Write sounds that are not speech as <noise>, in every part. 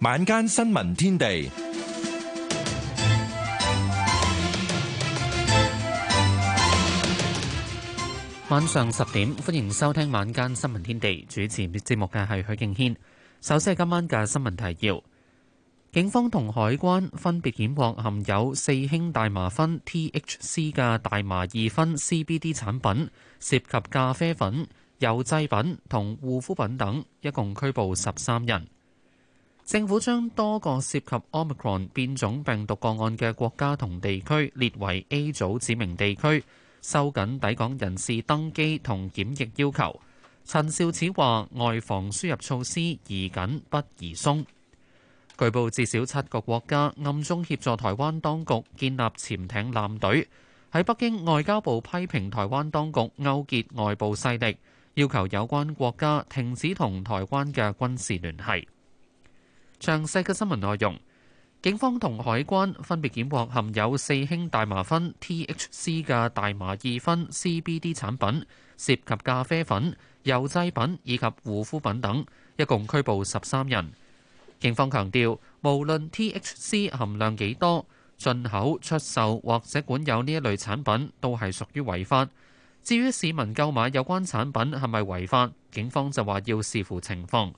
晚間新聞天地，晚上十點，歡迎收聽晚間新聞天地。主持節目嘅係許敬軒。首先係今晚嘅新聞提要：警方同海關分別檢獲含有四氫大麻酚 （THC） 嘅大麻二分 c b d 產品，涉及咖啡粉、油製品同護膚品等，一共拘捕十三人。政府將多個涉及 Omicron 變種病毒個案嘅國家同地區列為 A 組指明地區，收緊抵港人士登機同檢疫要求。陳肇始話：外防輸入措施宜緊不宜鬆。據報至少七個國家暗中協助台灣當局建立潛艇艦隊。喺北京外交部批評台灣當局勾結外部勢力，要求有關國家停止同台灣嘅軍事聯繫。詳細嘅新聞內容，警方同海關分別檢獲含有四氫大麻酚 （THC） 嘅大麻二酚 （CBD） 產品，涉及咖啡粉、油製品以及護膚品等，一共拘捕十三人。警方強調，無論 THC 含量幾多，進口、出售或者管有呢一類產品都係屬於違法。至於市民購買有關產品係咪違法，警方就話要視乎情況。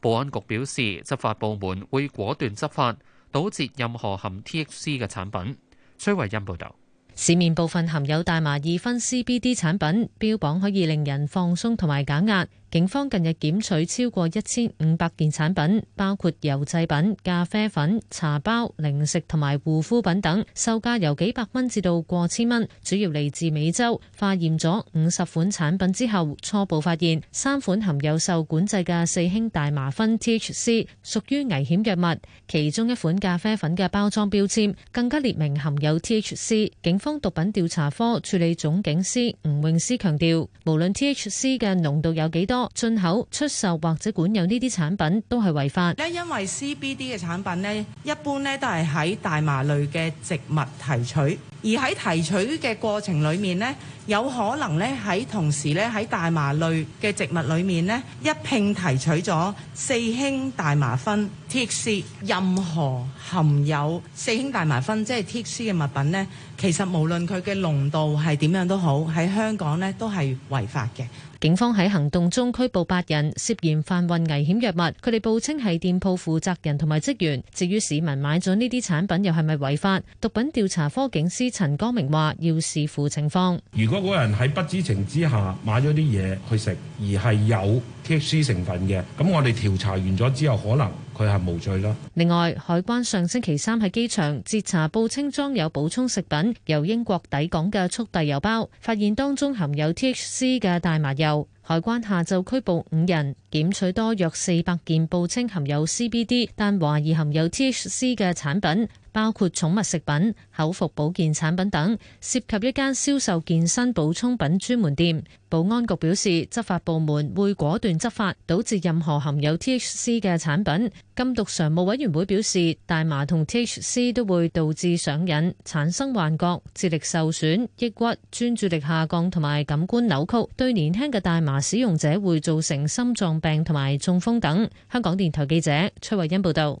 保安局表示，執法部門會果斷執法，堵截任何含 THC 嘅產品。崔慧欣報導，市面部分含有大麻二酚 CBD 產品，標榜可以令人放鬆同埋減壓。警方近日檢取超過一千五百件產品，包括油製品、咖啡粉、茶包、零食同埋護膚品等，售價由幾百蚊至到過千蚊，主要嚟自美洲。化驗咗五十款產品之後，初步發現三款含有受管制嘅四氫大麻酚 THC，屬於危險藥物。其中一款咖啡粉嘅包裝標籤更加列明含有 THC。警方毒品調查科處理總警司吳泳思強調，無論 THC 嘅濃度有幾多，進口、出售或者管有呢啲產品都係違法。因為 CBD 嘅產品呢，一般呢都係喺大麻類嘅植物提取。而喺提取嘅過程裏面咧，有可能咧喺同時咧喺大麻類嘅植物裏面咧一併提取咗四氫大麻酚 THC，任何含有四氫大麻酚即係 THC 嘅物品咧，其實無論佢嘅濃度係點樣都好，喺香港咧都係違法嘅。警方喺行動中拘捕八人，涉嫌販運危險藥物，佢哋報稱係店鋪負責人同埋職員。至於市民買咗呢啲產品又係咪違法？毒品調查科警司。陳光明話：要視乎情況。如果嗰人喺不知情之下買咗啲嘢,去食，而係有 THC 成分嘅，咁我哋調查完咗之後，可能佢係無罪囉。另外，海關上星期三喺機場截查報稱裝有補充食品由英國抵港嘅速遞郵包，發現當中含有 THC 嘅大麻油。海關下晝拘捕五人，檢取多約四百件報稱含有 CBD，但懷疑含有 THC 嘅產品。包括寵物食品、口服保健產品等，涉及一間銷售健身補充品專門店。保安局表示，執法部門會果斷執法，堵截任何含有 THC 嘅產品。禁毒常務委員會表示，大麻同 THC 都會導致上癮、產生幻覺、智力受損、抑鬱、專注力下降同埋感官扭曲，對年輕嘅大麻使用者會造成心臟病同埋中風等。香港電台記者崔慧欣報道。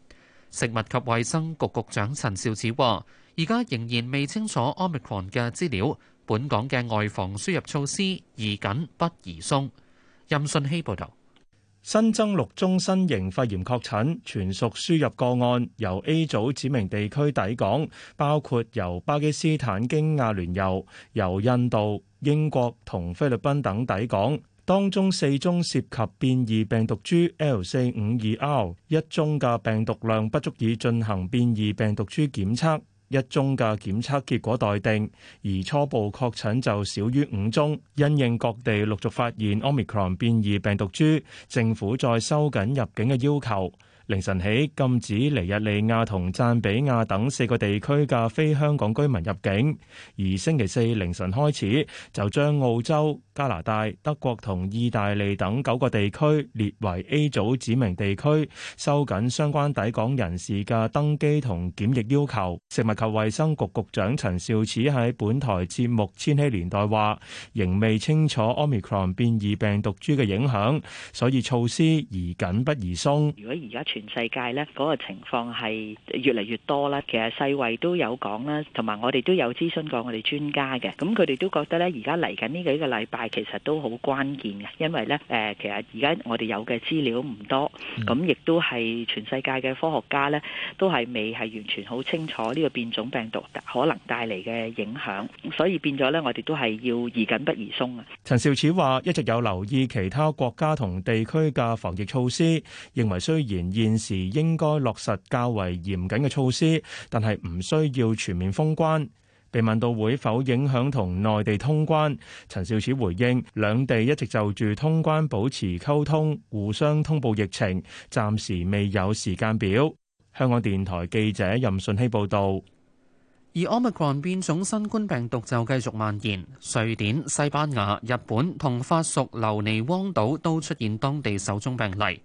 食物及衛生局局長陳肇始話，而家仍然未清楚 Omicron 嘅資料，本港嘅外防輸入措施宜緊不宜鬆。任信希報導，新增六宗新型肺炎確診，全屬輸入個案，由 A 組指明地區抵港，包括由巴基斯坦經阿聯酋，由印度、英國同菲律賓等抵港。當中四宗涉及變異病毒株 L 四五二 R，一宗嘅病毒量不足以進行變異病毒株檢測，一宗嘅檢測結果待定，而初步確診就少於五宗。因應各地陸續發現 Omicron 變異病毒株，政府再收緊入境嘅要求。凌晨起禁止尼日利亞同贊比亞等四個地區嘅非香港居民入境，而星期四凌晨開始就將澳洲、加拿大、德國同意大利等九個地區列為 A 組指明地區，收緊相關抵港人士嘅登機同檢疫要求。食物及衛生局局長陳肇始喺本台節目《千禧年代》話仍未清楚 omicron 變異病毒株嘅影響，所以措施宜緊不宜鬆。如果而家傳全世界呢嗰、這個情況係越嚟越多啦，其實世衛都有講啦，同埋我哋都有諮詢過我哋專家嘅，咁佢哋都覺得咧，而家嚟緊呢幾個禮拜其實都好關鍵嘅，因為咧誒、呃，其實而家我哋有嘅資料唔多，咁亦都係全世界嘅科學家咧都係未係完全好清楚呢個變種病毒可能帶嚟嘅影響，所以變咗咧，我哋都係要宜緊不宜鬆啊。陳肇始話一直有留意其他國家同地區嘅防疫措施，認為雖然現時應該落實較為嚴謹嘅措施，但係唔需要全面封關。被問到會否影響同內地通關，陳肇始回應：兩地一直就住通關保持溝通，互相通報疫情，暫時未有時間表。香港電台記者任信希報導。而 Omicron 變種新冠病毒就繼續蔓延，瑞典、西班牙、日本同法屬留尼汪島都出現當地首宗病例。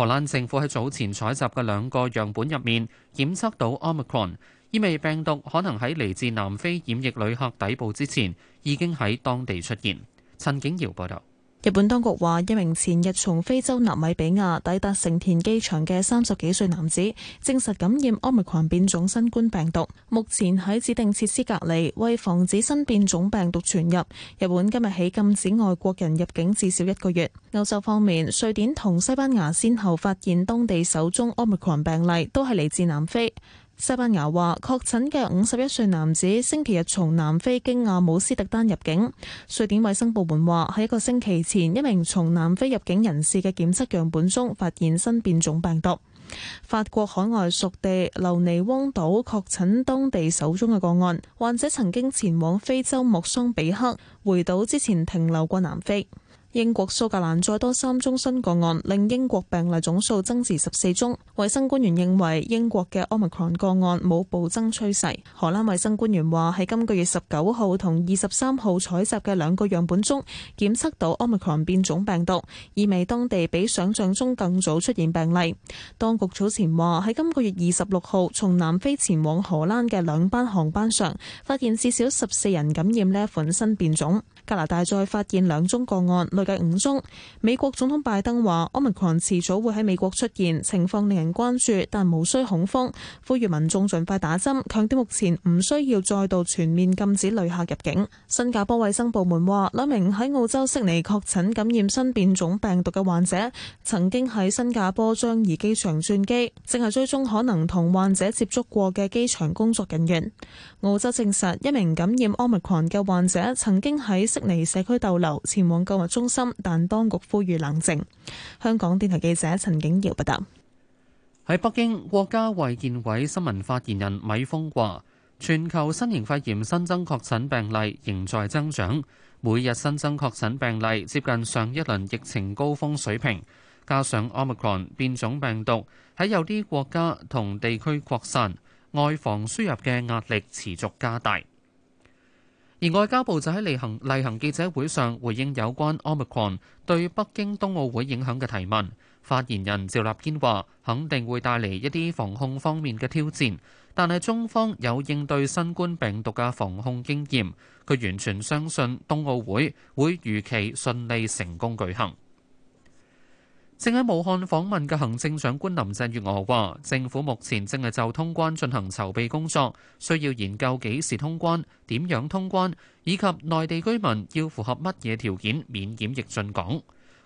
荷蘭政府喺早前採集嘅兩個樣本入面檢測到奧密克戎，意味病毒可能喺嚟自南非染疫旅客抵埗之前已經喺當地出現。陳景瑤報道。日本當局話，一名前日從非洲納米比亞抵達成田機場嘅三十幾歲男子，證實感染奧密克戎變種新冠病毒，目前喺指定設施隔離。為防止新變種病毒傳入，日本今日起禁止外國人入境至少一個月。歐洲方面，瑞典同西班牙先後發現當地首宗奧密克戎病例，都係嚟自南非。西班牙話，確診嘅五十一歲男子星期日從南非經阿姆斯特丹入境。瑞典衛生部門話，喺一個星期前一名從南非入境人士嘅檢測樣本中發現新變種病毒。法國海外屬地留尼汪島確診當地首宗嘅個案，患者曾經前往非洲莫桑比克，回島之前停留過南非。英國蘇格蘭再多三宗新個案，令英國病例總數增至十四宗。衛生官員認為英國嘅 Omicron 個案冇暴增趨勢。荷蘭衛生官員話，喺今個月十九號同二十三號採集嘅兩個樣本中檢測到 Omicron 變種病毒，意味當地比想象中更早出現病例。當局早前話喺今個月二十六號從南非前往荷蘭嘅兩班航班上發現至少十四人感染呢一款新變種。加拿大再發現兩宗個案，累計五宗。美國總統拜登話：奧密克戎遲早會喺美國出現，情況令人關注，但無需恐慌，呼籲民眾盡快打針，強調目前唔需要再度全面禁止旅客入境。新加坡衛生部門話，兩名喺澳洲悉尼確診感染新變種病毒嘅患者，曾經喺新加坡樟宜機場轉機，正系追蹤可能同患者接觸過嘅機場工作人員。澳洲證實一名感染奧密克戎嘅患者曾經喺離社區逗留，前往購物中心，但當局呼籲冷靜。香港電台記者陳景瑤報道：喺北京，國家衛健委新聞發言人米峰話，全球新型肺炎新增確診病例仍在增長，每日新增確診病例接近上一輪疫情高峰水平。加上 Omicron 變種病毒喺有啲國家同地區擴散，外防輸入嘅壓力持續加大。而外交部就喺例行例行記者會上回應有關 Omicron 對北京冬奧會影響嘅提問，發言人趙立堅話：肯定會帶嚟一啲防控方面嘅挑戰，但係中方有應對新冠病毒嘅防控經驗，佢完全相信冬奧會會如期順利成功舉行。正喺武漢訪問嘅行政長官林鄭月娥話：政府目前正係就通關進行籌備工作，需要研究幾時通關、點樣通關，以及內地居民要符合乜嘢條件免檢疫進港。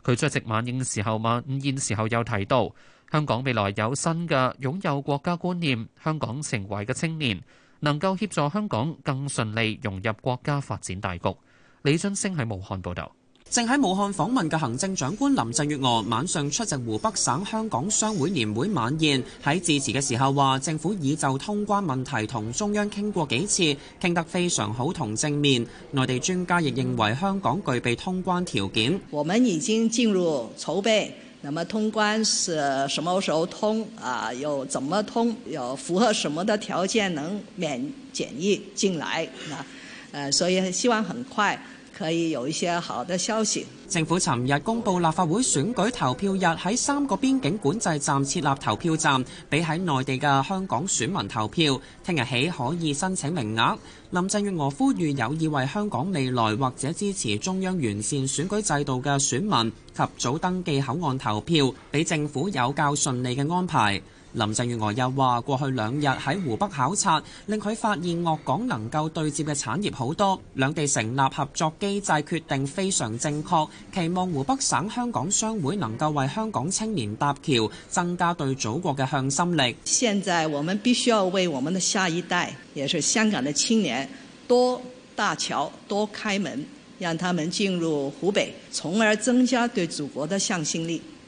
佢出席晚宴時候，晚午宴時候又提到香港未來有新嘅擁有國家觀念、香港情懷嘅青年，能夠協助香港更順利融入國家發展大局。李俊升喺武漢報道。正喺武漢訪問嘅行政長官林鄭月娥晚上出席湖北省香港商會年會晚宴，喺致辭嘅時候話：政府已就通關問題同中央傾過幾次，傾得非常好同正面。內地專家亦認為香港具備通關條件 <music> 。我們已經進入籌備，那麼通關是什麼時候通啊？又怎麼通？又符合什麼的條件能免檢疫進來啊？呃，所以希望很快。可以有一些好的消息。政府尋日公布立法會選舉投票日喺三個邊境管制站設立投票站，俾喺內地嘅香港選民投票。聽日起可以申請名額。林鄭月娥呼籲有意為香港未來或者支持中央完善選舉制度嘅選民及早登記口岸投票，俾政府有較順利嘅安排。林鄭月娥又話：過去兩日喺湖北考察，令佢發現鄂港能夠對接嘅產業好多，兩地成立合作機制決定非常正確。期望湖北省香港商會能夠為香港青年搭橋，增加對祖國嘅向心力。現在，我們必須要為我們的下一代，也是香港的青年，多搭橋、多開門，讓他們進入湖北，從而增加對祖國的向心力。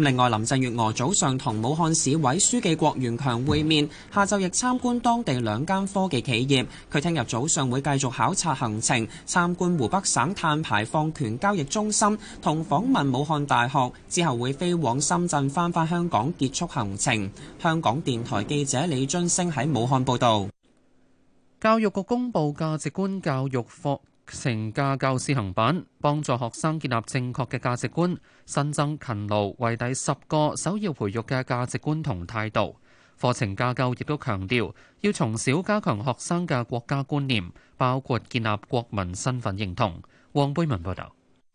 另外，林鄭月娥早上同武漢市委書記郭元強會面，下晝亦參觀當地兩間科技企業，佢聽日早上會繼續考察行程，參觀湖北省碳排放權交易中心，同訪問武漢大學。之後會飛往深圳，翻返，返香港結束行程。香港電台記者李津星喺武漢報道。教育局公布價值觀教育課。課程架構試行版，幫助學生建立正確嘅價值觀。新增勤勞為第十個首要培育嘅價值觀同態度。課程架構亦都強調要從小加強學生嘅國家觀念，包括建立國民身份認同。黃貝文報道。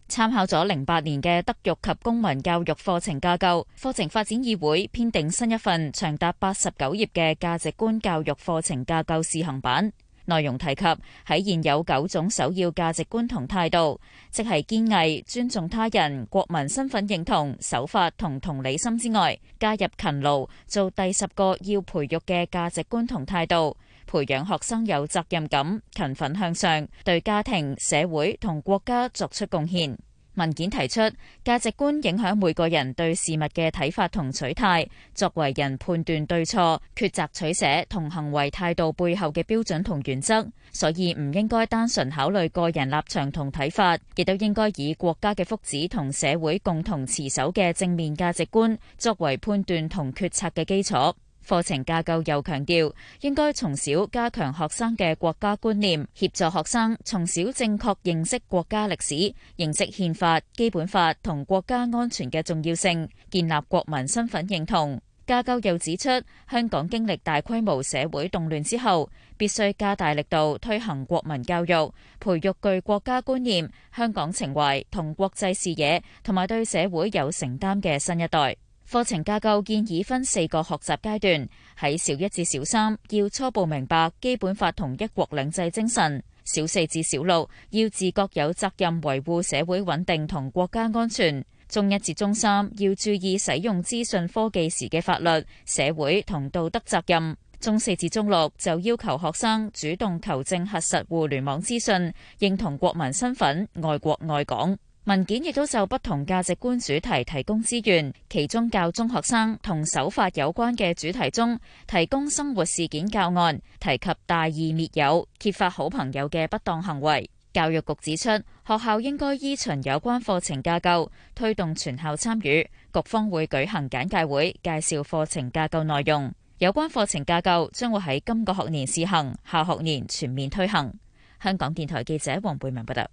參考咗零八年嘅德育及公民教育課程架構，課程發展議會編定新一份長達八十九頁嘅價值觀教育課程架構試行版。內容提及，喺現有九種首要價值觀同態度，即係堅毅、尊重他人、國民身份認同、守法同同理心之外，加入勤勞，做第十個要培育嘅價值觀同態度，培養學生有責任感、勤奮向上，對家庭、社會同國家作出貢獻。文件提出，價值觀影響每個人對事物嘅睇法同取態，作為人判斷對錯、抉擇取捨同行為態度背後嘅標準同原則，所以唔應該單純考慮個人立場同睇法，亦都應該以國家嘅福祉同社會共同持守嘅正面價值觀作為判斷同決策嘅基礎。課程架構又強調，應該從小加強學生嘅國家觀念，協助學生從小正確認識國家歷史、認識憲法、基本法同國家安全嘅重要性，建立國民身份認同。架構又指出，香港經歷大規模社會動亂之後，必須加大力度推行國民教育，培育具國家觀念、香港情懷同國際視野，同埋對社會有承擔嘅新一代。課程架構建議分四個學習階段：喺小一至小三要初步明白基本法同一國兩制精神；小四至小六要自覺有責任維護社會穩定同國家安全；中一至中三要注意使用資訊科技時嘅法律、社會同道德責任；中四至中六就要求學生主動求證核實互聯網資訊，認同國民身份，愛國愛港。文件亦都就不同價值觀主題提供資源，其中教中學生同守法有關嘅主題中，提供生活事件教案，提及大義滅友、揭發好朋友嘅不當行為，教育局指出，學校應該依循有關課程架構，推動全校參與，局方會舉行簡介會，介紹課程架構內容。有關課程架構將會喺今個學年試行，下學年全面推行。香港電台記者黃貝文報道。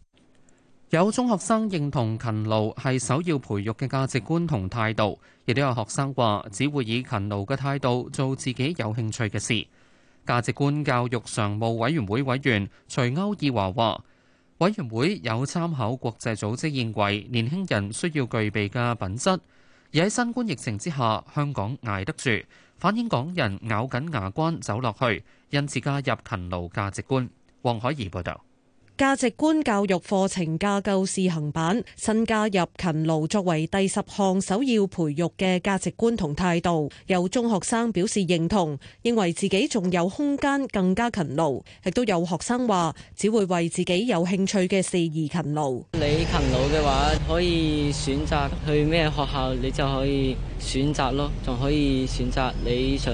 有中學生認同勤勞係首要培育嘅價值觀同態度，亦都有學生話只會以勤勞嘅態度做自己有興趣嘅事。價值觀教育常務委員會委員徐歐爾華話，委員會有參考國際組織認為年輕人需要具備嘅品質，而喺新冠疫情之下，香港捱得住，反映港人咬緊牙關走落去，因此加入勤勞價值觀。黃海怡報導。價值觀教育課程架構試行版新加入勤勞作為第十項首要培育嘅價值觀同態度，有中學生表示認同，認為自己仲有空間更加勤勞，亦都有學生話只會為自己有興趣嘅事而勤勞。你勤勞嘅話，可以選擇去咩學校，你就可以選擇咯，仲可以選擇你想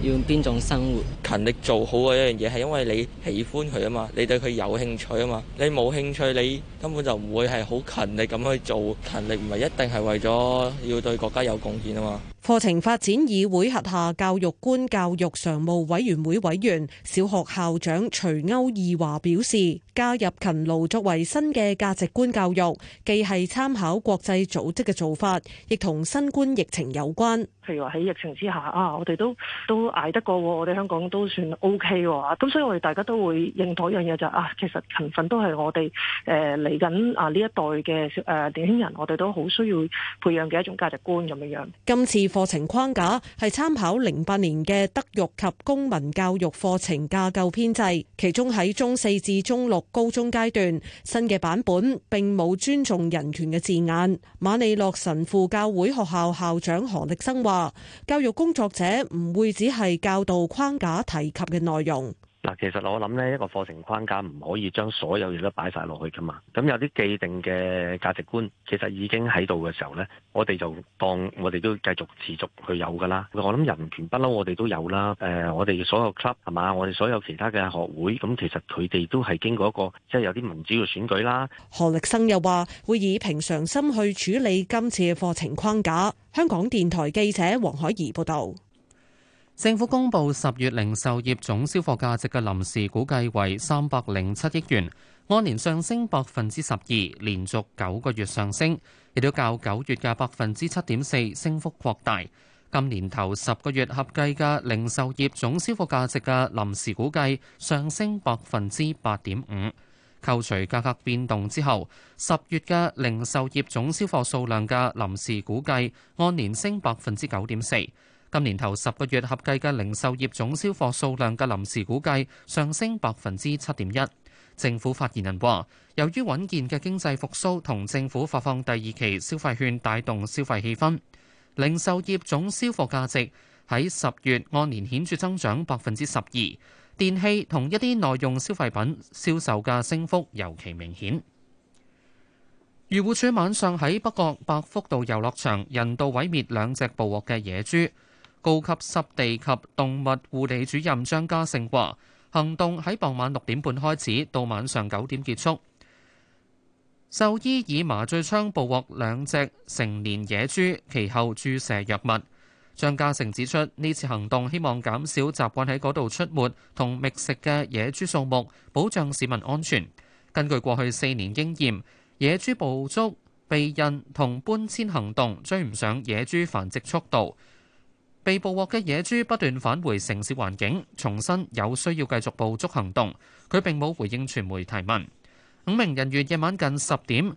要邊種生活。勤力做好嘅一樣嘢，係因為你喜歡佢啊嘛，你對佢有興趣。你冇興趣，你根本就唔會係好勤力咁去做。勤力唔係一定係為咗要對國家有貢獻啊嘛。課程發展議會轄下教育觀教育常務委員會委員、小學校長徐歐義華表示：加入勤勞作為新嘅價值觀教育，既係參考國際組織嘅做法，亦同新冠疫情有關。譬如話喺疫情之下啊，我哋都都捱得過，我哋香港都算 OK 啊。咁所以我哋大家都會認同一樣嘢就係啊，其實勤奮都係我哋誒嚟緊啊呢一代嘅誒、呃、年輕人，我哋都好需要培養嘅一種價值觀咁嘅樣。今次。課程框架係參考零八年嘅德育及公民教育課程架構編制，其中喺中四至中六高中階段，新嘅版本並冇尊重人權嘅字眼。瑪利諾神父教會學校校校長何力生話，教育工作者唔會只係教導框架提及嘅內容。嗱，其實我諗呢一個課程框架唔可以將所有嘢都擺晒落去噶嘛。咁有啲既定嘅價值觀，其實已經喺度嘅時候呢，我哋就當我哋都繼續持續去有噶啦。我諗人權不嬲，我哋都有啦。誒，我哋所有 club 係嘛，我哋所有其他嘅學會，咁其實佢哋都係經過一個，即係有啲民主嘅選舉啦。何力生又話：會以平常心去處理今次嘅課程框架。香港電台記者黃海怡報道。政府公布十月零售業總銷貨價值嘅臨時估計為三百零七億元，按年上升百分之十二，連續九個月上升，亦都較九月嘅百分之七點四升幅擴大。今年頭十個月合計嘅零售業總銷貨價值嘅臨時估計上升百分之八點五，扣除價格變動之後，十月嘅零售業總銷貨數量嘅臨時估計按年升百分之九點四。今年頭十個月合計嘅零售業總銷貨數量嘅臨時估計上升百分之七點一。政府發言人話：由於穩健嘅經濟復甦同政府發放第二期消費券帶動消費氣氛，零售業總銷貨價值喺十月按年顯著增長百分之十二。電器同一啲耐用消費品銷售價升幅尤其明顯。漁護署晚上喺北角百福道遊樂場人道毀滅兩隻捕獲嘅野豬。高級濕地及動物護理主任張家成話：行動喺傍晚六點半開始，到晚上九點結束。獸醫以麻醉槍捕獲兩隻成年野豬，其後注射藥物。張家成指出，呢次行動希望減少習慣喺嗰度出沒同覓食嘅野豬數目，保障市民安全。根據過去四年經驗，野豬捕捉、避孕同搬遷行動追唔上野豬繁殖速度。被捕獲嘅野豬不斷返回城市環境，重申有需要繼續捕捉行動。佢並冇回應傳媒提問。五名人員夜晚近十點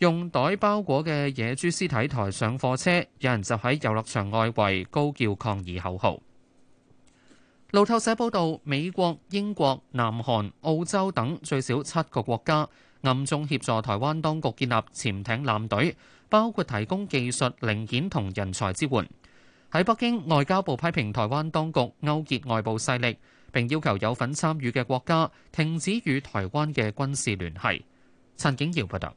用袋包裹嘅野豬屍體抬上貨車，有人就喺遊樂場外圍高叫抗議口號。路透社報道，美國、英國、南韓、澳洲等最少七個國家暗中協助台灣當局建立潛艇艦隊，包括提供技術零件同人才支援。喺北京，外交部批評台灣當局勾結外部勢力，並要求有份參與嘅國家停止與台灣嘅軍事聯繫，陳景耀報道。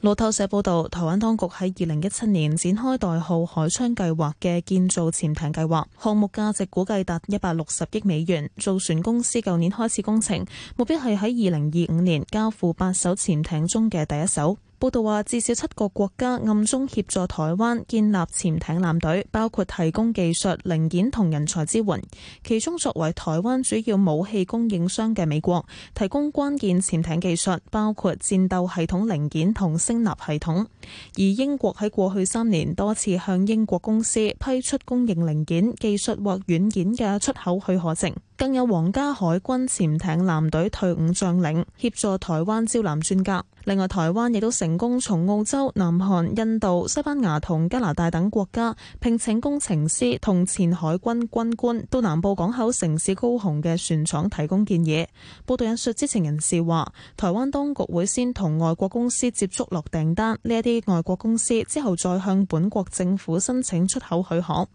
路透社報道，台灣當局喺二零一七年展開代號海昌計劃嘅建造潛艇計劃，項目價值估計達一百六十億美元。造船公司舊年開始工程，目標係喺二零二五年交付八艘潛艇中嘅第一艘。報道話，至少七個國家暗中協助台灣建立潛艇艦隊，包括提供技術、零件同人才支援。其中，作為台灣主要武器供應商嘅美國，提供關鍵潛艇技術，包括戰鬥系統零件同聲納系統。而英國喺過去三年多次向英國公司批出供應零件、技術或軟件嘅出口許可證。更有皇家海軍潛艇艦隊退伍將領協助台灣招攬專家。另外，台灣亦都成功從澳洲、南韓、印度、西班牙同加拿大等國家聘請工程師同前海軍軍官到南部港口城市高雄嘅船廠提供建議。報道引述知情人士話：台灣當局會先同外國公司接觸落訂單，呢一啲外國公司之後再向本國政府申請出口許可。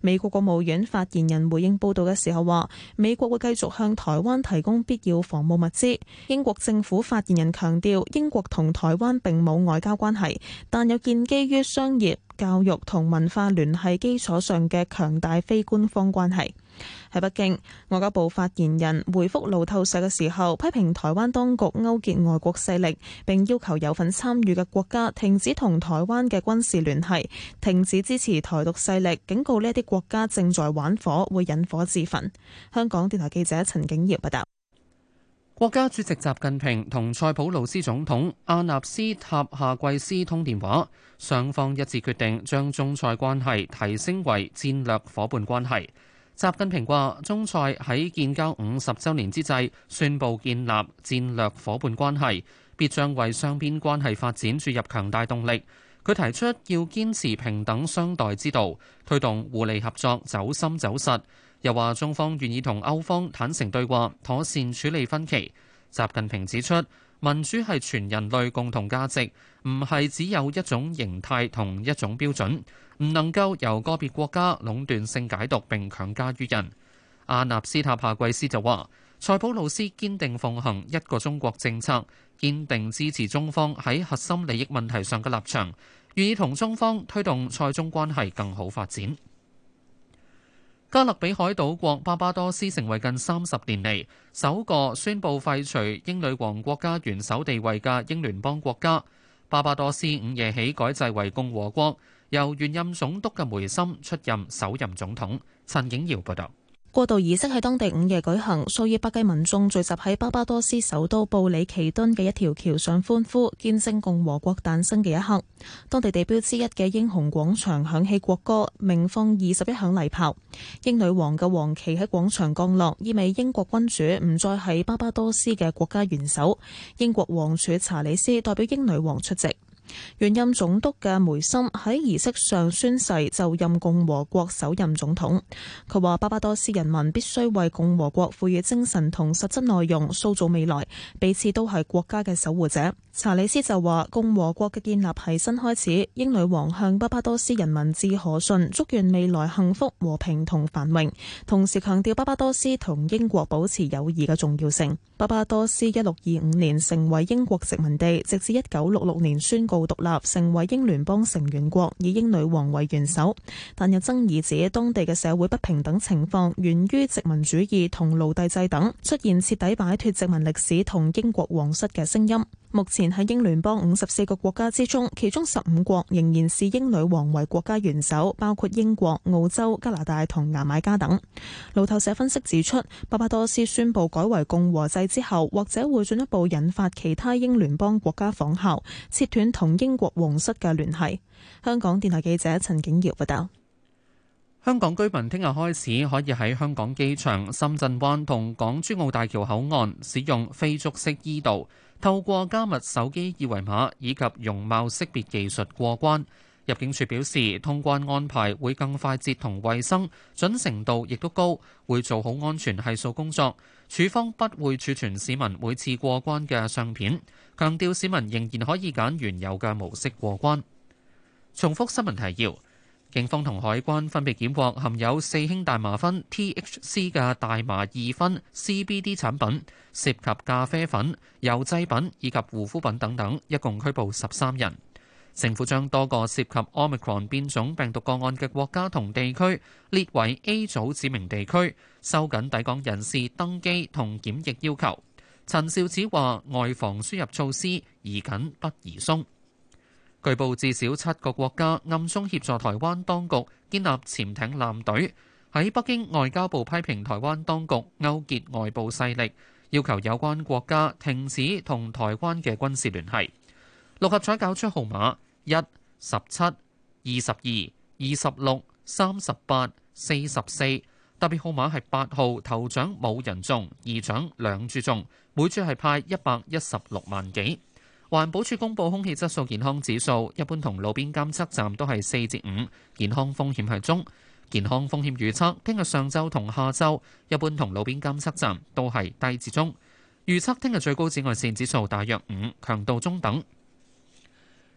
美國國務院發言人回應報道嘅時候話，美國會繼續向台灣提供必要防務物資。英國政府發言人強調，英國同台灣並冇外交關係，但有建基於商業、教育同文化聯繫基礎上嘅強大非官方關係。喺北京，外交部發言人回覆路透社嘅時候，批評台灣當局勾結外國勢力，並要求有份參與嘅國家停止同台灣嘅軍事聯繫，停止支持台獨勢力，警告呢一啲國家正在玩火，會引火自焚。香港電台記者陳景耀報道。國家主席習近平同塞浦路斯總統阿納斯塔夏季斯通電話，雙方一致決定將中塞關係提升為戰略夥伴關係。習近平話：中塞喺建交五十週年之際宣佈建立戰略夥伴關係，必將為雙邊關係發展注入強大動力。佢提出要堅持平等相待之道，推動互利合作走深走實。又話中方願意同歐方坦誠對話，妥善處理分歧。習近平指出，民主係全人類共同價值，唔係只有一種形態同一種標準，唔能夠由個別國家壟斷性解讀並強加於人。阿納斯塔帕貴斯就話，塞浦路斯堅定奉行一個中國政策，堅定支持中方喺核心利益問題上嘅立場，願意同中方推動塞中關係更好發展。加勒比海島國巴巴多斯成為近三十年嚟首個宣佈廢除英女王國家元首地位嘅英聯邦國家。巴巴多斯午夜起改制為共和國。由原任總督嘅梅森出任首任總統。陳景瑤報道，過渡儀式喺當地午夜舉行，數以百計民眾聚集喺巴巴多斯首都布里奇敦嘅一條橋上歡呼，見證共和國誕生嘅一刻。當地地標之一嘅英雄廣場響起國歌，鳴放二十一響禮炮。英女王嘅王旗喺廣場降落，意味英國君主唔再係巴巴多斯嘅國家元首。英國王儲查理斯代表英女王出席。原任總督嘅梅森喺儀式上宣誓就任共和國首任總統。佢話巴巴多斯人民必須為共和國賦予精神同實質內容，塑造未來。彼此都係國家嘅守護者。查理斯就話共和國嘅建立係新開始。英女王向巴巴多斯人民致賀信，祝願未來幸福、和平同繁榮。同時強調巴巴多斯同英國保持友誼嘅重要性。巴巴多斯一六二五年成為英國殖民地，直至一九六六年宣部獨立成為英聯邦成員國，以英女王為元首，但有爭議指當地嘅社會不平等情況源於殖民主義同奴隸制等，出現徹底擺脫殖民歷史同英國皇室嘅聲音。目前喺英聯邦五十四個國家之中，其中十五國仍然視英女王為國家元首，包括英國、澳洲、加拿大同牙買加等。路透社分析指出，巴巴多斯宣布改為共和制之後，或者會進一步引發其他英聯邦國家仿效，切斷同英國皇室嘅聯繫。香港電台記者陳景瑤報道。香港居民聽日開始可以喺香港機場、深圳灣同港珠澳大橋口岸使用非足式醫道，透過加密手機二維碼以及容貌識別技術過關。入境處表示，通關安排會更快捷同衛生，準程度亦都高，會做好安全係數工作。處方不會儲存市民每次過關嘅相片，強調市民仍然可以揀原有嘅模式過關。重複新聞提要。警方同海關分別檢獲含有四氫大麻酚 （THC） 嘅大麻二酚 （CBD） 產品，涉及咖啡粉、油製品以及護膚品等等，一共拘捕十三人。政府將多個涉及 Omicron 變種病毒個案嘅國家同地區列為 A 組指明地區，收緊抵港人士登機同檢疫要求。陳肇始話：外防輸入措施宜緊不宜鬆。據報至少七個國家暗中協助台灣當局建立潛艇艦隊。喺北京外交部批評台灣當局勾結外部勢力，要求有關國家停止同台灣嘅軍事聯繫。六合彩搞出號碼一、十七、二十二、二十六、三十八、四十四。特別號碼係八號，頭獎冇人中，二獎兩注中，每注係派一百一十六萬幾。環保署公布空氣質素健康指數，一般同路邊監測站都係四至五，健康風險係中。健康風險預測，聽日上晝同下晝，一般同路邊監測站都係低至中。預測聽日最高紫外線指數大約五，強度中等。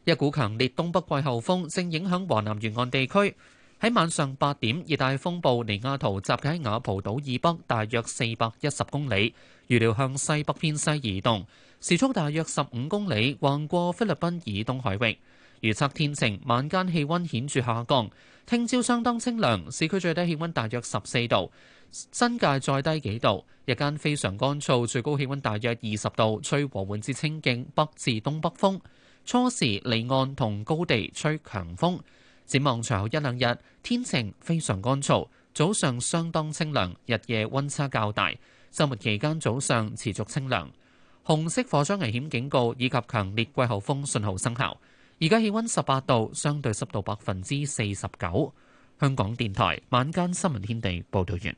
一股強烈東北季候風正影響華南沿岸地區。喺晚上八點，熱帶風暴尼亞圖集結喺雅浦島以北大約四百一十公里，預料向西北偏西移動，時速大約十五公里，橫過菲律賓以東海域。預測天晴，晚間氣温顯著下降，聽朝相當清涼，市區最低氣温大約十四度，新界再低幾度。日間非常乾燥，最高氣温大約二十度，吹和緩至清勁北至東北風。初時離岸同高地吹強風。展望隨後一兩日，天晴非常乾燥，早上相當清涼，日夜温差較大。周末期間早上持續清涼。紅色火災危險警告以及強烈季候風信號生效。而家氣溫十八度，相對濕度百分之四十九。香港電台晚間新聞天地報道完。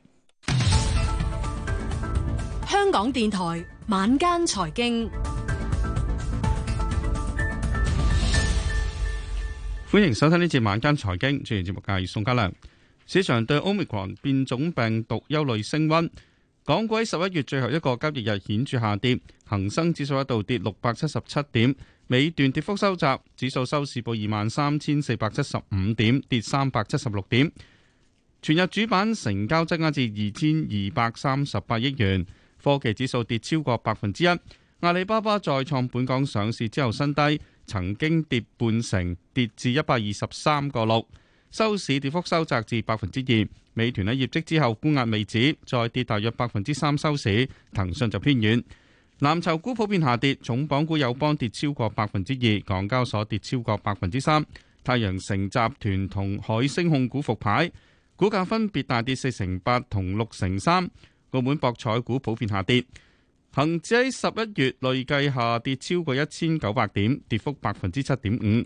香港電台晚間財經，歡迎收聽呢次晚間財經。主持節目嘅係宋家良。市場對 Omicron 變種病毒憂慮升溫。港股十一月最後一個交易日顯著下跌，恒生指數一度跌六百七十七點，尾段跌幅收窄，指數收市報二萬三千四百七十五點，跌三百七十六點。全日主板成交增加至二千二百三十八億元，科技指數跌超過百分之一。阿里巴巴再創本港上市之後新低，曾經跌半成，跌至一百二十三個六。收市跌幅收窄至百分之二，美團喺業績之後沽壓未止，再跌大約百分之三收市。騰訊就偏軟，藍籌股普遍下跌，重磅股友邦跌超過百分之二，港交所跌超過百分之三。太陽城集團同海星控股復牌，股價分別大跌四成八同六成三。澳門博彩股普遍下跌，恒指喺十一月累計下跌超過一千九百點，跌幅百分之七點五。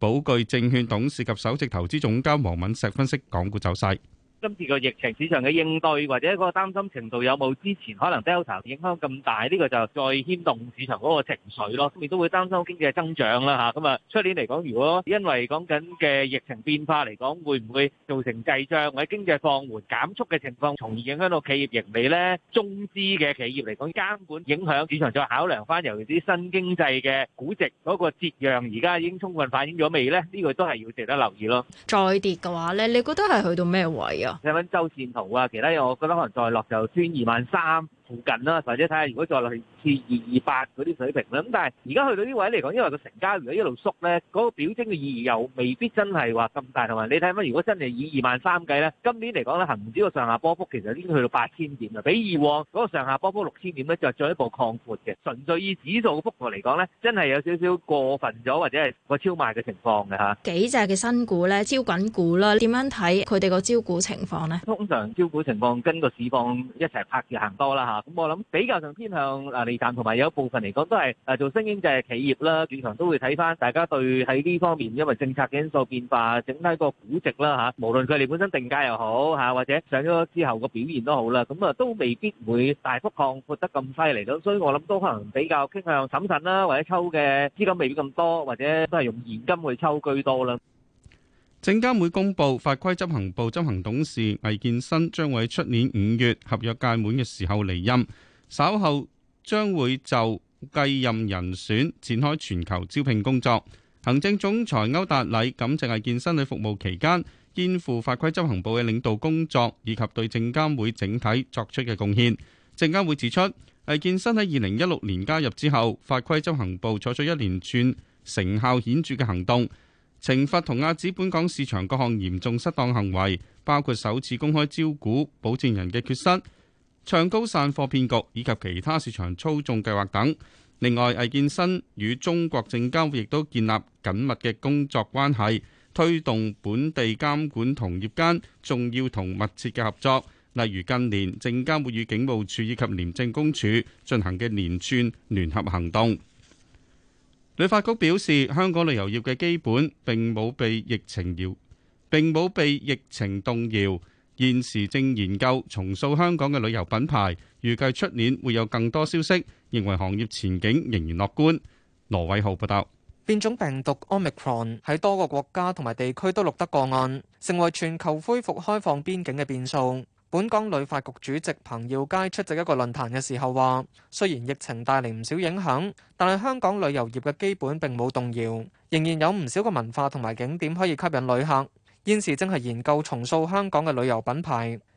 寶具證券董事及首席投資總監王敏石分析港股走勢。今次個疫情市場嘅應對，或者嗰個擔心程度有冇之前可能 Delta 影響咁大？呢個就再牽動市場嗰個情緒咯，亦都會擔心經濟增長啦嚇。咁啊，出年嚟講，如果因為講緊嘅疫情變化嚟講，會唔會造成滯脹或者經濟放緩減速嘅情況，從而影響到企業盈利咧？中資嘅企業嚟講，監管影響市場，再考量返，尤其啲新經濟嘅估值嗰個折讓，而家已經充分反映咗未咧？呢個都係要值得留意咯。再跌嘅話咧，你覺得係去到咩位啊？睇翻周線圖啊，其他嘢我覺得可能再落就穿二萬三。 <noise> 附近啦，或者睇下如果再落去至二二八嗰啲水平咧。咁但係而家去到呢位嚟講，因為個成交如果一路縮咧，嗰個表徵嘅意義又未必真係話咁大。同埋你睇翻，如果真係以二萬三計咧，今年嚟講咧，恆指個上下波幅其實已經去到八千點啦，比以往嗰個上下波幅六千點咧，就係進一步擴闊嘅。純粹以指數嘅幅度嚟講咧，真係有少少過分咗，或者係個超賣嘅情況嘅嚇。幾隻嘅新股咧，招緊股啦，點樣睇佢哋個招股情況咧？通常招股情況跟個市況一齊拍住行多啦嚇。咁我諗比較上偏向啊利淡，同埋有一部分嚟講都係誒做新經濟嘅企業啦，轉頭都會睇翻大家對喺呢方面，因為政策嘅因素變化，整體個估值啦嚇，無論佢哋本身定價又好嚇，或者上咗之後個表現都好啦，咁啊都未必會大幅擴闊得咁犀利，所以我諗都可能比較傾向審慎啦，或者抽嘅資金未必咁多，或者都係用現金去抽居多啦。證監會公布法規執行部執行董事魏建新將會喺出年五月合約屆滿嘅時候離任，稍後將會就繼任人選展開全球招聘工作。行政總裁歐達禮感謝魏建新喺服務期間，肩負法規執行部嘅領導工作以及對證監會整體作出嘅貢獻。證監會指出，魏建新喺二零一六年加入之後，法規執行部採取一連串成效顯著嘅行動。懲罰同遏止本港市場各項嚴重失當行為，包括首次公開招股保證人嘅缺失、唱高散貨騙局以及其他市場操縱計劃等。另外，魏建新與中國證監會亦都建立緊密嘅工作關係，推動本地監管同業間重要同密切嘅合作，例如近年證監會與警務處以及廉政公署進行嘅連串聯合行動。旅發局表示，香港旅遊業嘅基本並冇被疫情搖並冇被疫情動搖，現時正研究重塑香港嘅旅遊品牌，預計出年會有更多消息，認為行業前景仍然樂觀。羅偉浩報道，變種病毒 Omicron 喺多個國家同埋地區都錄得個案，成為全球恢復開放邊境嘅變數。本港旅發局主席彭耀佳出席一個論壇嘅時候話，雖然疫情帶嚟唔少影響，但係香港旅遊業嘅基本並冇動搖，仍然有唔少嘅文化同埋景點可以吸引旅客。現時正係研究重塑香港嘅旅遊品牌。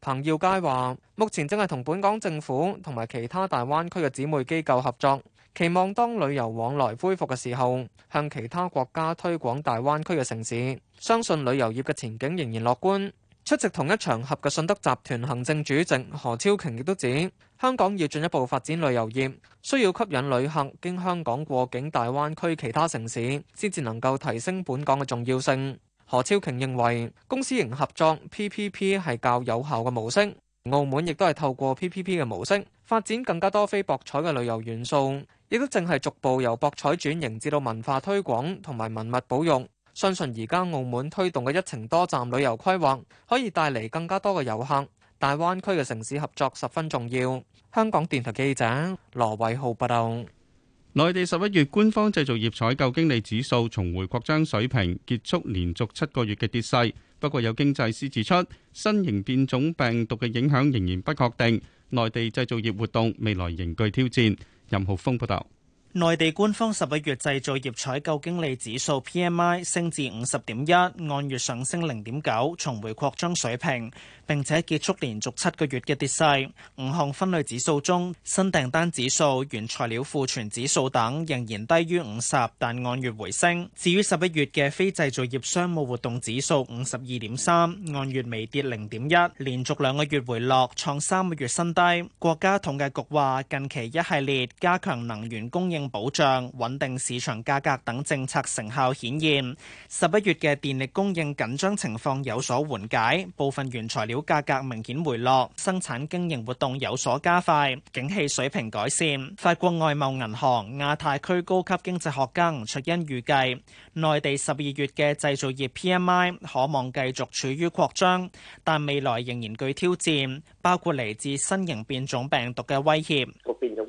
彭耀佳話，目前正係同本港政府同埋其他大灣區嘅姊妹機構合作，期望當旅遊往來恢復嘅時候，向其他國家推廣大灣區嘅城市。相信旅遊業嘅前景仍然樂觀。出席同一場合嘅信德集團行政主席何超瓊亦都指，香港要進一步發展旅遊業，需要吸引旅客經香港過境大灣區其他城市，先至能夠提升本港嘅重要性。何超瓊認為公司營合作 P P P 係較有效嘅模式，澳門亦都係透過 P P P 嘅模式發展更加多非博彩嘅旅遊元素，亦都正係逐步由博彩轉型至到文化推廣同埋文物保育。相信而家澳門推動嘅一程多站旅遊規劃可以帶嚟更加多嘅遊客，大灣區嘅城市合作十分重要。香港電台記者羅偉浩報道。內地十一月官方製造業採購經理指數重回擴張水平，結束連續七個月嘅跌勢。不過有經濟師指出，新型變種病毒嘅影響仍然不確定，內地製造業活動未來仍具挑戰。任浩峰報道。內地官方十一月製造業採購經理指數 PMI 升至五十點一，按月上升零點九，重回擴張水平，並且結束連續七個月嘅跌勢。五項分類指數中，新訂單指數、原材料庫存指數等仍然低於五十，但按月回升。至於十一月嘅非製造業商務活動指數五十二點三，按月微跌零點一，連續兩個月回落，創三個月新低。國家統計局話，近期一系列加強能源供應保障、穩定市場價格等政策成效顯現，十一月嘅電力供應緊張情況有所緩解，部分原材料價格明顯回落，生產經營活動有所加快，景氣水平改善。法國外貿銀行亞太區高級經濟學家吳卓恩預計，內地十二月嘅製造業 PMI 可望繼續處於擴張，但未來仍然具挑戰，包括嚟自新型變種病毒嘅威脅。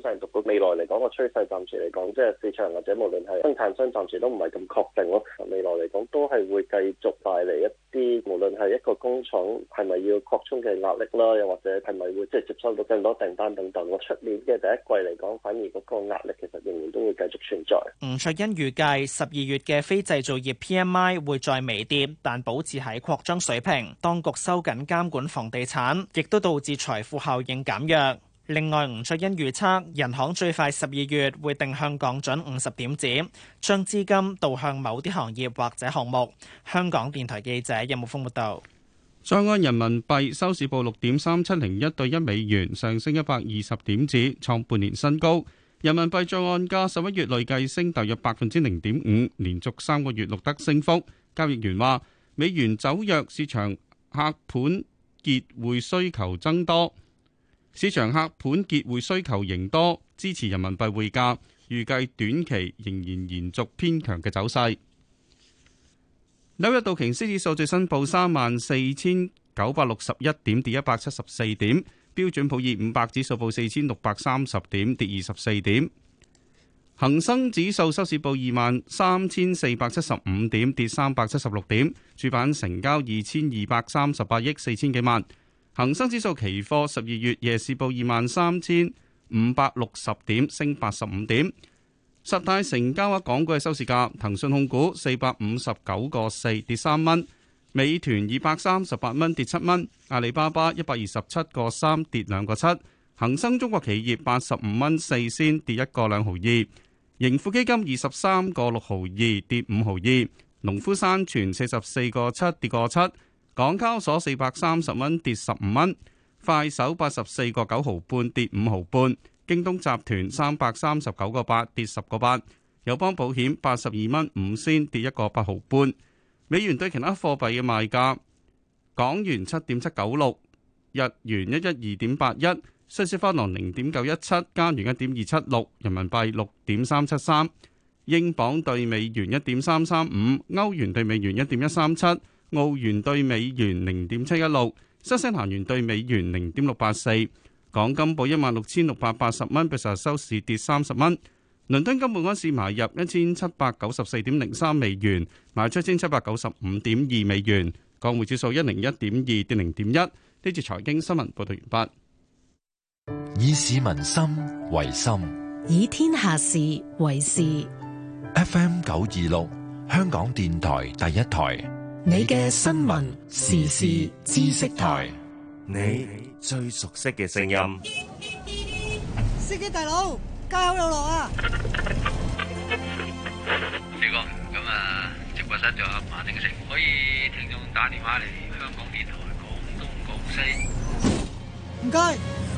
相信到未來嚟講個趨勢，暫時嚟講，即係市場或者無論係生產商，暫時都唔係咁確定咯。未來嚟講，都係會繼續帶嚟一啲，無論係一個工廠係咪要擴充嘅壓力啦，又或者係咪會即係接收到更多訂單等等。我出年嘅第一季嚟講，反而嗰個壓力其實仍然都會繼續存在。吳卓欣預計十二月嘅非製造業 PMI 會再微跌，但保持喺擴張水平。當局收緊監管房地產，亦都導致財富效應減弱。另外，吳卓恩預測人行最快十二月會定向降準五十點子，將資金導向某啲行業或者項目。香港電台記者任木峯報道。在岸人民幣收市報六點三七零一對一美元，上升一百二十點子，創半年新高。人民幣在岸價十一月累計升到約百分之零點五，連續三個月錄得升幅。交易員話：美元走弱，市場客盤結匯需求增多。市場客盤結匯需求仍多，支持人民幣匯價，預計短期仍然延續偏強嘅走勢。紐約道瓊斯指數最新報三萬四千九百六十一點，跌一百七十四點；標準普爾五百指數報四千六百三十點，跌二十四點。恒生指數收市報二萬三千四百七十五點，跌三百七十六點。主板成交二千二百三十八億四千幾萬。恒生指數期貨十二月夜市報二萬三千五百六十點，升八十五點。十大成交額，港股嘅收市價：騰訊控股四百五十九個四跌三蚊，美團二百三十八蚊跌七蚊，阿里巴巴一百二十七個三跌兩個七，恒生中國企業八十五蚊四先跌一個兩毫二，盈富基金二十三個六毫二跌五毫二，農夫山泉四十四個七跌個七。港交所四百三十蚊跌十五蚊，快手八十四個九毫半跌五毫半，京東集團三百三十九個八跌十個八，友邦保險八十二蚊五仙跌一個八毫半，美元對其他貨幣嘅賣價：港元七點七九六，日元一一二點八一，瑞士法郎零點九一七，加元一點二七六，人民幣六點三七三，英鎊兌美元一點三三五，歐元兌美元一點一三七。澳元兌美元零點七一六，新西蘭元兌美元零點六八四。港金報一萬六千六百八十蚊，比上日收市跌三十蚊。倫敦金每安士買入一千七百九十四點零三美元，賣出一千七百九十五點二美元。港匯指數一零一點二跌零點一。呢次財經新聞報道完畢。以市民心為心，以天下事為事。F.M. 九二六，香港電台第一台。你嘅新聞時事知識台，你最熟悉嘅聲音。司機大佬，加油老路啊！四哥，咁啊，直播室仲有馬鼎盛，可以聽眾打電話嚟香港電台廣東廣西。唔該。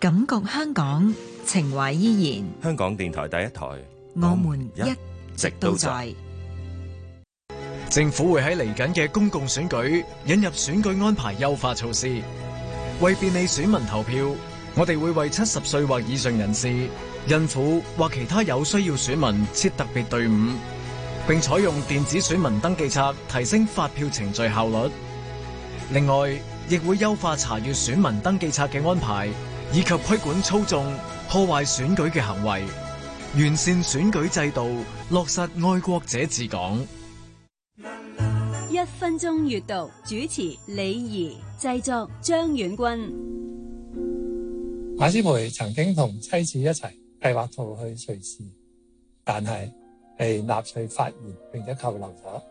感覺香港，情懷依然。香港電台第一台，我們一直都在。政府會喺嚟緊嘅公共選舉引入選舉安排優化措施，為便利選民投票，我哋會為七十歲或以上人士、孕婦或其他有需要選民設特別隊伍。並採用電子選民登記冊，提升發票程序效率。另外，亦會優化查閱選民登記冊嘅安排，以及規管操縱、破壞選舉嘅行為，完善選舉制度，落實愛國者治港。一分鐘閱讀，主持李儀，製作張遠君。馬思培曾經同妻子一齊計劃逃去瑞士，但係被納粹發現並且扣留咗，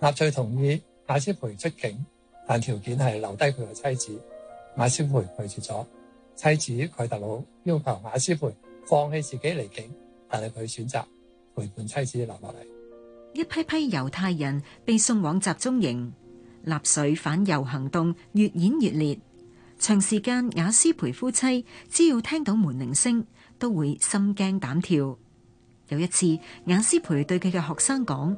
納粹同意雅斯培出境，但條件係留低佢嘅妻子。雅斯培拒絕咗，妻子佢特佬要求雅斯培放棄自己離境，但係佢選擇陪伴妻子留落嚟。一批批猶太人被送往集中營，納粹反猶行動越演越烈。長時間，雅斯培夫妻只要聽到門鈴聲，都會心驚膽跳。有一次，雅斯培對佢嘅學生講：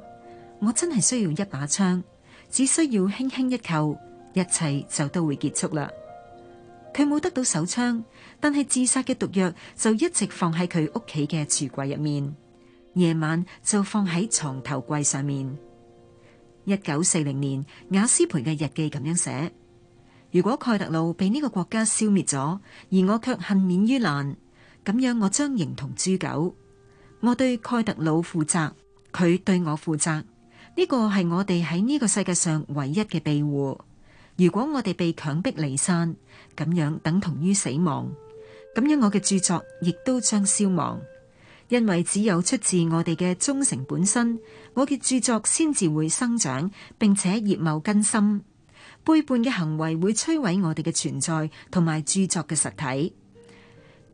我真係需要一把槍，只需要輕輕一扣，一切就都會結束啦。佢冇得到手槍，但係自殺嘅毒藥就一直放喺佢屋企嘅櫥櫃入面，夜晚就放喺床頭櫃上面。一九四零年，雅斯培嘅日記咁樣寫：如果蓋特魯被呢個國家消滅咗，而我卻幸免於難，咁樣我將形同豬狗。我對蓋特魯負責，佢對我負責，呢個係我哋喺呢個世界上唯一嘅庇護。如果我哋被強迫離散，咁樣等同於死亡，咁樣我嘅著作亦都將消亡。因為只有出自我哋嘅忠誠本身，我嘅著作先至會生長，並且葉茂根深。背叛嘅行為會摧毀我哋嘅存在同埋著作嘅實體。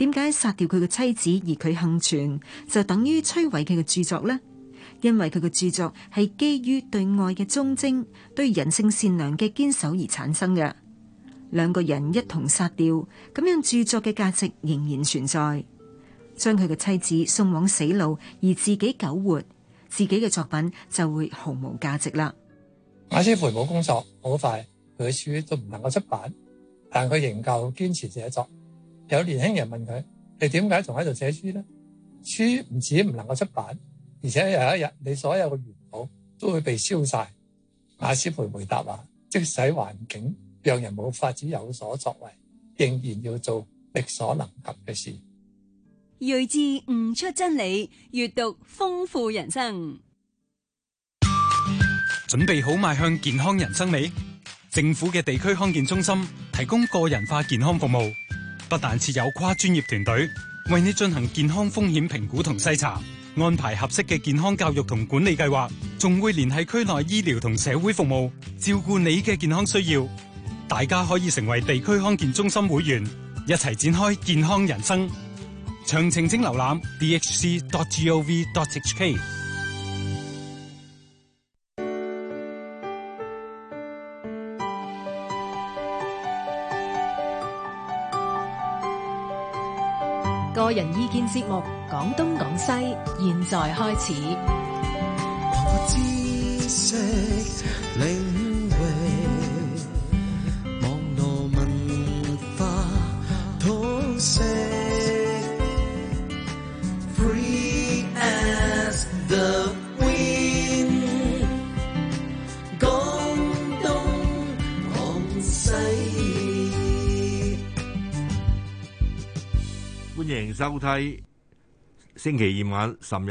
點解殺掉佢嘅妻子，而佢幸存，就等於摧毀佢嘅著作呢？因為佢嘅著作係基於對愛嘅忠貞、對人性善良嘅堅守而產生嘅。兩個人一同殺掉，咁樣著作嘅價值仍然存在。將佢嘅妻子送往死路而自己苟活，自己嘅作品就會毫無價值啦。阿姐，冇工作好快，佢書都唔能夠出版，但佢仍夠堅持寫作。有年輕人問佢：你點解仲喺度寫書呢？書唔止唔能夠出版，而且有一日你所有嘅元寶都會被燒晒。雅斯培回答話：即使環境讓人冇法子有所作為，仍然要做力所能及嘅事。睿智悟出真理，閱讀豐富人生。準備好邁向健康人生未？政府嘅地區康健中心提供個人化健康服務。不但設有跨專業團隊為你進行健康風險評估同篩查，安排合適嘅健康教育同管理計劃，仲會聯繫區內醫療同社會服務，照顧你嘅健康需要。大家可以成為地區康健中心會員，一齊展開健康人生。詳情請瀏覽 dhc.gov.hk。個人意見節目，講東講西，現在開始。 <music> 歡迎收睇星期二晚十。